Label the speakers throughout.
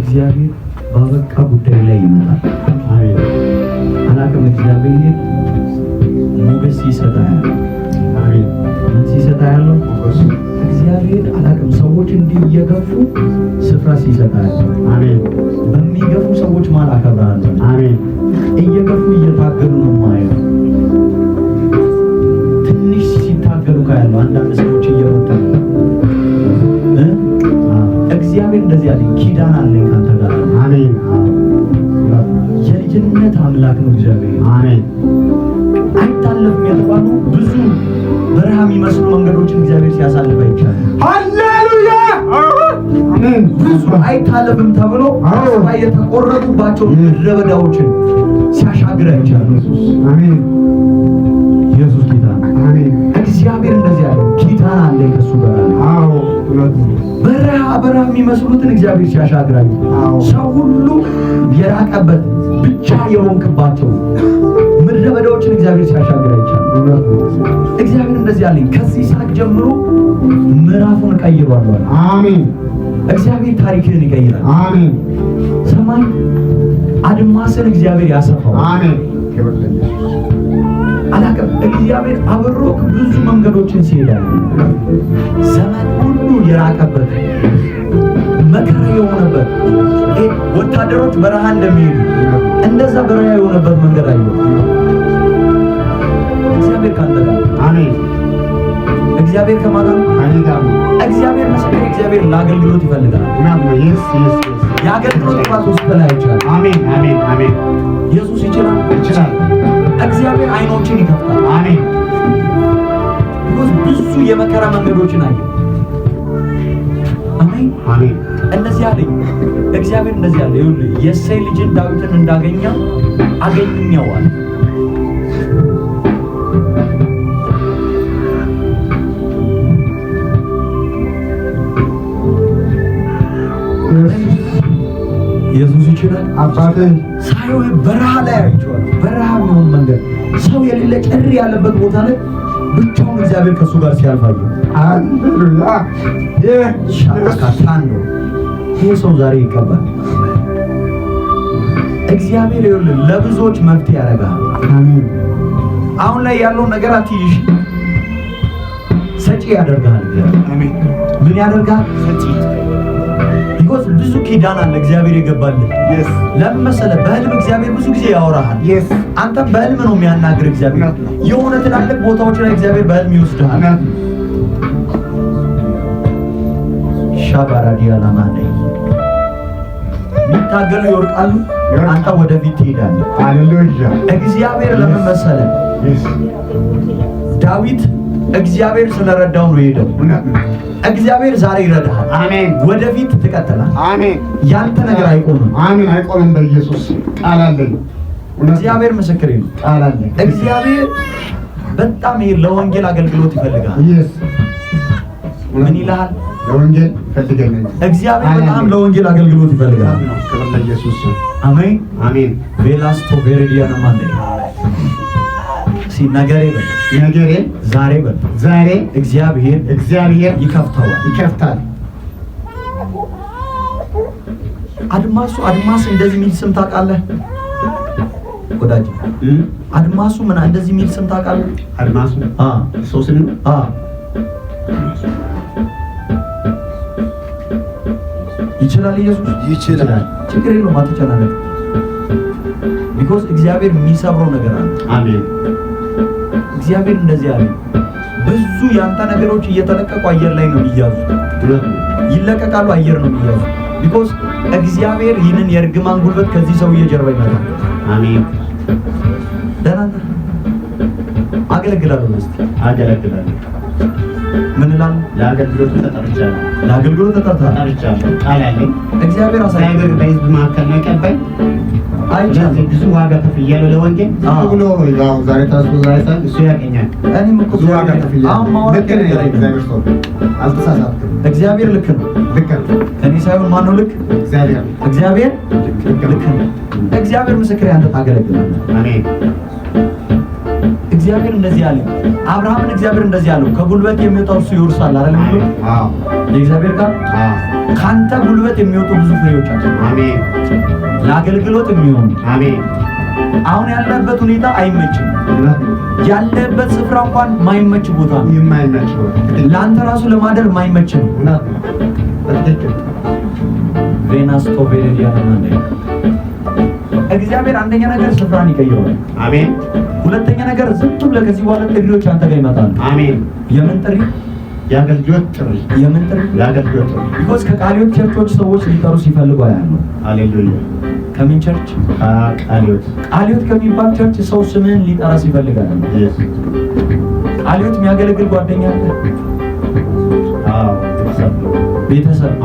Speaker 1: እግዚአብሔር ባበቃ ጉዳይ ላይ ይመጣል። አላቅም እግዚአብሔር ሞገስ ይሰጣል። ምን ሲሰጣ ያለው እግዚአብሔር አላቅም። ሰዎች እንዲህ እየገፉ ስፍራ ሲሰጣ
Speaker 2: ያለው
Speaker 1: በሚገፉ ሰዎች ማል አከብራለሁ። እየገፉ እየታገሉ ነው ማየው እንደዚህ ያለ ኪዳን አለኝ ካንተ ጋር። አሜን። የልጅነት አምላክ ነው እግዚአብሔር። አሜን። አይታለፍም የተባሉ ብዙ በረሃ የሚመስሉ መንገዶችን እግዚአብሔር ሲያሳልፍ አይቻልም።
Speaker 2: ሃሌሉያ።
Speaker 1: አሜን። ብዙ አይታለፍም ተብሎ ተስፋ የተቆረጡባቸው ምድረ በዳዎችን ሲያሻግር አይቻልም። ኢየሱስ አሜን። ኢየሱስ ጌታ አሜን። እግዚአብሔር እንደዚህ ያለ ኪዳን አለኝ ከሱ ጋር። አዎ በረሃ በረሃ የሚመስሉትን እግዚአብሔር ሲያሻግራዩ ሰው ሁሉ የራቀበት ብቻ የሆንክባቸው ምድረ በዳዎችን እግዚአብሔር ሲያሻግራ ይቻላል። እግዚአብሔር እንደዚህ አለኝ። ከዚህ ሰዓት ጀምሮ ምዕራፉን ቀይሯል። አሜን። እግዚአብሔር ታሪክህን ይቀይራል። አሜን። ሰማይ አድማስን እግዚአብሔር ያሰፋው። አሜን። አላቀም እግዚአብሔር አብሮክ ብዙ መንገዶችን ሲሄዳል የራቀበት መከራ የሆነበት ወታደሮች በረሃ እንደሚሄዱ እንደዛ በረሃ የሆነበት መንገድ አየሁ። እግዚአብሔር ካንተ ጋር አሜን። እግዚአብሔር ከማን ጋር? እግዚአብሔር ምስክር። እግዚአብሔር ለአገልግሎት ይፈልጋል። የአገልግሎት ጥራት ውስጥ ተለያይቻል።
Speaker 2: አሜን አሜን አሜን።
Speaker 1: ኢየሱስ ይችላል ይችላል። እግዚአብሔር አይኖችን ይከፍታል። አሜን። ብዙ የመከራ መንገዶችን አየሁ። አሜን አሜን። እንደዚህ አለኝ እግዚአብሔር እንደዚህ አለ ይሁን የእሴይ ልጅን ዳዊትን እንዳገኘው አገኘዋል። ኢየሱስ ይችላል። አባትህ ሳይሆን በረሃ ላይ አይቼዋለሁ ማንኛውም መንገድ ሰው የሌለ ጭር ያለበት ቦታ ላይ ብቻውን እግዚአብሔር ከእሱ ጋር ሲያልፋዩ ሻካታን ነው። ይህ ሰው ዛሬ ይቀባል። እግዚአብሔር ይኸውልህ ለብዙዎች መፍትሄ ያደርጋል። አሁን ላይ ያለውን ነገር አትይሽ፣ ሰጪ ያደርጋል። ምን ያደርጋል? ቢኮዝ ብዙ ኪዳን አለ እግዚአብሔር የገባልን። ለምን መሰለህ? በህልም እግዚአብሔር ብዙ ጊዜ ያወራሃል። አንተም በህልም ነው የሚያናግር እግዚአብሔር። የሆነ ትላልቅ ቦታዎች ላይ እግዚአብሔር በህልም ይወስድሃል። አላማ ለማነ የሚታገሉ ይወርቃሉ፣ አንተ ወደፊት ትሄዳለህ።
Speaker 2: ሃሌሉያ!
Speaker 1: እግዚአብሔር ለምን መሰለህ? ዳዊት እግዚአብሔር ስለረዳው ነው የሄደው። እግዚአብሔር ዛሬ ይረዳሃል። አሜን። ወደፊት ትቀጥላል። አሜን። ያንተ ነገር አይቆምም።
Speaker 2: አሜን፣ አይቆምም። በኢየሱስ ቃል አለኝ።
Speaker 1: እግዚአብሔር ምስክሬ ነው። ቃል አለኝ። እግዚአብሔር በጣም ይሄ ለወንጌል አገልግሎት ይፈልጋል። ምን ይላል?
Speaker 2: ለወንጌል ይፈልገኛል።
Speaker 1: እግዚአብሔር በጣም ለወንጌል አገልግሎት ይፈልጋል።
Speaker 2: ክብር ለኢየሱስ። አሜን፣ አሜን።
Speaker 1: ቬላስቶ ቬሬዲያ ነው ማለት ነገሬ በል ነገሬ ዛሬ በል ዛሬ እግዚአብሔር እግዚአብሔር ይከፍተዋል፣ ይከፍታል አድማሱ አድማስ እንደዚህ የሚል ስም ታውቃለህ? ወዳጅ አድማሱ ምን እንደዚህ የሚል ስም ታውቃለህ? አድማሱ አ ሶስን አ ይችላል። ኢየሱስ ይችላል። ችግር የለውም። አትጨናነቅ። ቢኮዝ እግዚአብሔር የሚሰብረው ነገር አለ። አሜን። እግዚአብሔር እንደዚህ አለ። ብዙ ያንተ ነገሮች እየተለቀቁ አየር ላይ ነው የሚያዙ። ይለቀቃሉ፣ አየር ነው የሚያዙ ቢኮዝ እግዚአብሔር ይህንን የእርግማን ጉልበት ከዚህ ሰውዬ ጀርባ ይመታል። አሜን። ደህና ነህ? አገለግላለሁ እስቲ አገለግላለሁ። ምን እላለሁ?
Speaker 2: ለአገልግሎት ተጠርቻለሁ። ለአገልግሎት ተጠርቻለሁ።
Speaker 1: ቃል ያለኝ እግዚአብሔር አሳይ በህዝብ መካከል ነው የቀባኝ አይቻልም። ብዙ ዋጋ ከፍዬ ለወንጌል
Speaker 2: ብሎ ዛሬ ታስቦ ዛሬ እሱ ያገኛል። እኔም እኮ
Speaker 1: ብዙ ዋጋ ከፍዬ እግዚአብሔር ልክ ነው። ልክ እኔ ሳይሆን ማነው ልክ?
Speaker 2: እግዚአብሔር ልክ ነው።
Speaker 1: እግዚአብሔር ምስክር ያንተ ታገለግላለህ። አሜን። እግዚአብሔር እንደዚህ አለ። አብርሃምን እግዚአብሔር እንደዚህ አለው፣ ከጉልበት የሚወጣው እሱ ይወርሳል። አይደለም እንዴ? የእግዚአብሔር ቃል። አዎ፣ ጉልበት የሚወጡ ብዙ ፍሬዎች አሉ። አሜን። ለአገልግሎት የሚሆኑ አሜን። አሁን ያለበት ሁኔታ አይመችም። ያለበት ስፍራ እንኳን ማይመች ቦታ ነው። የማይመች ለአንተ ራሱ ለማደር ማይመች ነው። ቬናስ ቶቤል እግዚአብሔር አንደኛ ነገር ስፍራን ይቀይረዋል። አሜን። ሁለተኛ ነገር ዝም ብለህ ከዚህ በኋላ ጥሪዎች አንተ ጋር ይመጣሉ። አሜን። የምን ጥሪ
Speaker 2: የአገልግሎት ጥሪ የምን ጥሪ? የአገልግሎት ጥሪ።
Speaker 1: ቢኮዝ ከቃሊዮት ቸርቾች ሰዎች ሊጠሩ ሲፈልጉ አያለሁ። ሃሌሉያ። ከምን ቸርች? ቃሊዮት። ቃሊዮት ከሚባል ቸርች ሰው ስምህን ሊጠራ ሲፈልግ ቃሊዮት የሚያገለግል ጓደኛ አለ? አዎ፣ ቤተሰብ።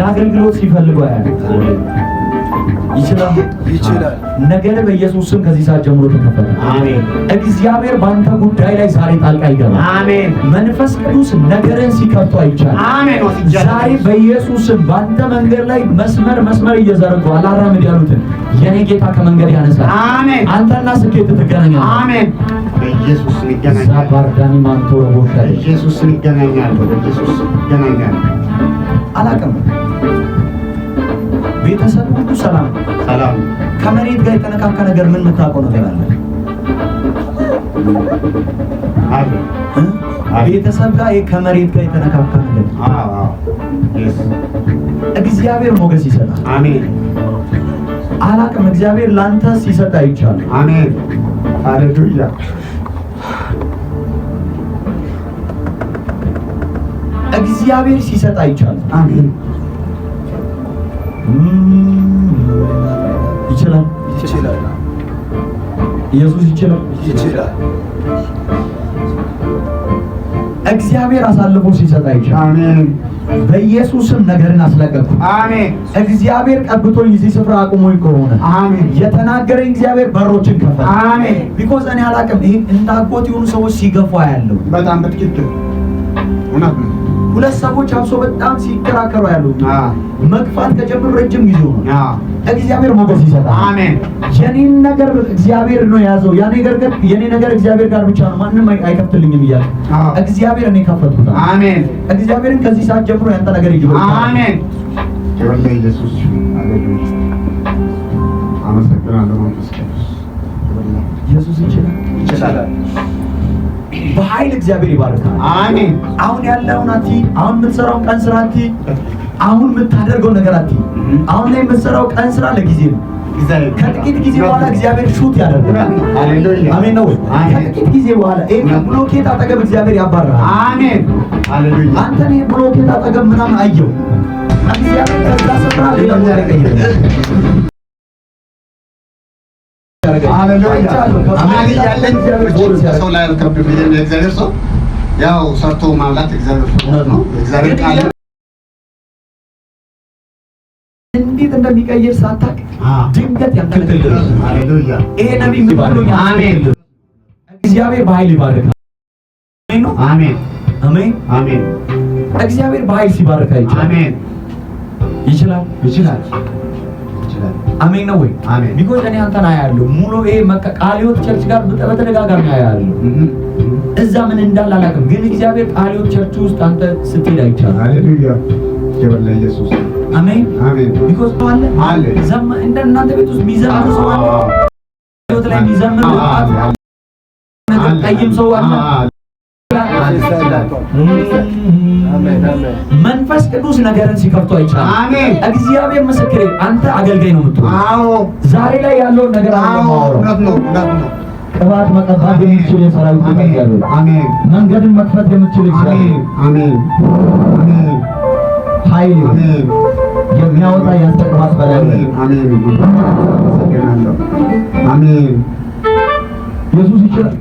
Speaker 1: ለአገልግሎት ሲፈልጉ
Speaker 2: አያለሁ። ይችላል ይችላል።
Speaker 1: ነገር በኢየሱስ ስም ከዚህ ሰዓት ጀምሮ ተከፈተ። አሜን። እግዚአብሔር ባንተ ጉዳይ ላይ ዛሬ ጣልቃ ይገባል። አሜን። መንፈስ ቅዱስ ነገርን ሲከፍቱ አይቻል። አሜን። ዛሬ በኢየሱስ ስም ባንተ መንገድ ላይ መስመር መስመር እየዘረጉ አላራምድ ያሉትን የኔ ጌታ ከመንገድ ያነሳል። አሜን። አንተና ስኬት ትገናኛለህ። አሜን። በኢየሱስ ስም
Speaker 2: ይገናኛል። ማንቶ ሮቦሻ
Speaker 1: በኢየሱስ ስም ይገናኛል። በኢየሱስ ስም ይገናኛል። አላቀም ቤተሰብ ሁሉ ሰላም ሰላም። ከመሬት ጋር የተነካካ ነገር ምን የምታውቀው ነገር አለ? ቤተሰብ ጋር ከመሬት ጋር የተነካካ ነገር እግዚአብሔር ሞገስ ይሰጣል። አሜን። አላቅም እግዚአብሔር ላንተ ሲሰጥ አይቻል።
Speaker 2: አሜን። አሌሉያ
Speaker 1: እግዚአብሔር ሲሰጥ አይቻል። አሜን ይችላል ይችላል። ኢየሱስ ይችላል ይችላል። እግዚአብሔር አሳልፎ ሲሰጥ አሜን። በኢየሱስም ነገርን አስለቀቁ። አሜን። እግዚአብሔር ቀብቶኝ እዚህ ስፍራ አቁሞኝ ከሆነ አሜን። የተናገረኝ እግዚአብሔር በሮችን ከፈተ። አሜን። ቢኮዝ እኔ እንዳጎት የሆኑ ሰዎች ሲገፉ ያለው በጣም ነው። ሁለት ሰዎች አብሶ በጣም ሲከራከሩ ያሉት መግፋት ከጀምር ረጅም ጊዜ ነው። እግዚአብሔር ሞገስ ይሰጣል። አሜን። የኔን ነገር እግዚአብሔር ነው የያዘው። ያ ነገር ግን የኔ ነገር እግዚአብሔር ጋር ብቻ ነው፣ ማንም አይከፍትልኝም እያለ እግዚአብሔር እኔ ከፈትኩት። አሜን። እግዚአብሔርን ከዚህ ሰዓት ጀምሮ ያንተ ነገር
Speaker 2: ይጅብር። አሜን። ተወልደ ኢየሱስ አሜን። አመሰግናለሁ። መንፈስ ቅዱስ
Speaker 1: ኢየሱስ ይችላል፣ ይችላል በኃይል እግዚአብሔር ይባርካል። አሜን። አሁን ያለውን አቲ አሁን የምትሰራውን ቀን ስራ አቲ አሁን የምታደርገው ነገር አቲ አሁን ላይ የምትሰራው ቀን ስራ ለጊዜ ነው። ከጥቂት ጊዜ በኋላ እግዚአብሔር ሹት ያደርጋል። አሜን ነው። ከጥቂት ጊዜ በኋላ ይሄ ብሎኬት አጠገብ እግዚአብሔር ያባራል። አሜን። አንተ ይሄ ብሎኬት አጠገብ ምናምን አየው እግዚአብሔር ከዛ ስፍራ ሌላ ቦታ
Speaker 2: ያው ሰርቶ ማብላት እግዚአብሔር
Speaker 1: ነው። እንዴት እንደሚቀይር ሳታውቅ ድንገት ያንተለለ
Speaker 2: ሃሌሉያ። ይሄ
Speaker 1: እግዚአብሔር በኃይል ይባርካል። አሜን፣ አሜን፣ አሜን። እግዚአብሔር በኃይል ሲባርካ ይችላል። አሜን። ይችላል፣
Speaker 2: ይችላል ይችላል ይችላል
Speaker 1: እንችላለን። አሜን ነው ወይ? አሜን። ቢኮዝ እኔ አንተን አያለሁ ሙሉ ይሄ መካ ቸርች ጋር በተደጋጋሚ አያለሁ። እዛ ምን እንዳለ አላውቅም፣ ግን እግዚአብሔር ቃሊዮት ቸርች ውስጥ አንተ ስትሄድ አይቻልም።
Speaker 2: ሃሌሉያ ይበላ ኢየሱስ። አሜን አሜን። ቢኮዝ አለ አለ
Speaker 1: ዘማ እንደ እናንተ ቤት ውስጥ ሚዘምር ሰው አለ፣ ላይ ሚዘምር ወጣት ጠይም ሰው አለ መንፈስ ቅዱስ ነገርን ሲከፍቶ አይቻልም። አሜን። እግዚአብሔር ምስክሬ፣ አንተ አገልጋይ ነው የምትሆን። አዎ፣ ዛሬ ላይ ያለውን ነገር
Speaker 2: አዎ፣ እውነት ነው፣ ነው።
Speaker 1: ቅባት መቀባት የምትችል የሰራዊት እግዚአብሔር፣ አሜን። መንገድን መክፈት የምትችል እግዚአብሔር፣ አሜን፣ አሜን። ኃይል የሚያወጣ ያንተ ቅባት በላይ፣
Speaker 2: አሜን፣ አሜን፣ አሜን አሜን ኢየሱስ ይችላል።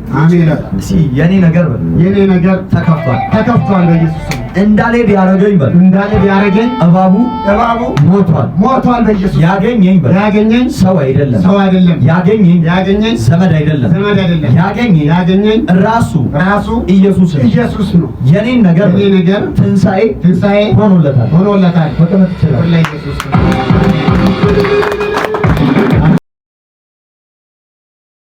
Speaker 2: የኔ ነገር ተከፍቷል፣ ተከፍቷል
Speaker 1: በኢየሱስ እንዳልሄድ ያረገኝ በል
Speaker 2: እንዳልሄድ ያረገኝ እባቡ እባቡ ሞቷል፣ ሞቷል በኢየሱስ ያገኘኝ በል ያገኘኝ ሰው አይደለም፣ ሰው አይደለም ያገኘኝ ያገኘኝ ዘመድ አይደለም፣ ዘመድ አይደለም ያገኘኝ ያገኘኝ ራሱ ራሱ ኢየሱስ ኢየሱስ ነው። የኔን ነገር የኔ ነገር ትንሣኤ ትንሣኤ ሆኖለታል፣ ሆኖለታል።
Speaker 1: ወቀመት ይችላል
Speaker 2: ኢየሱስ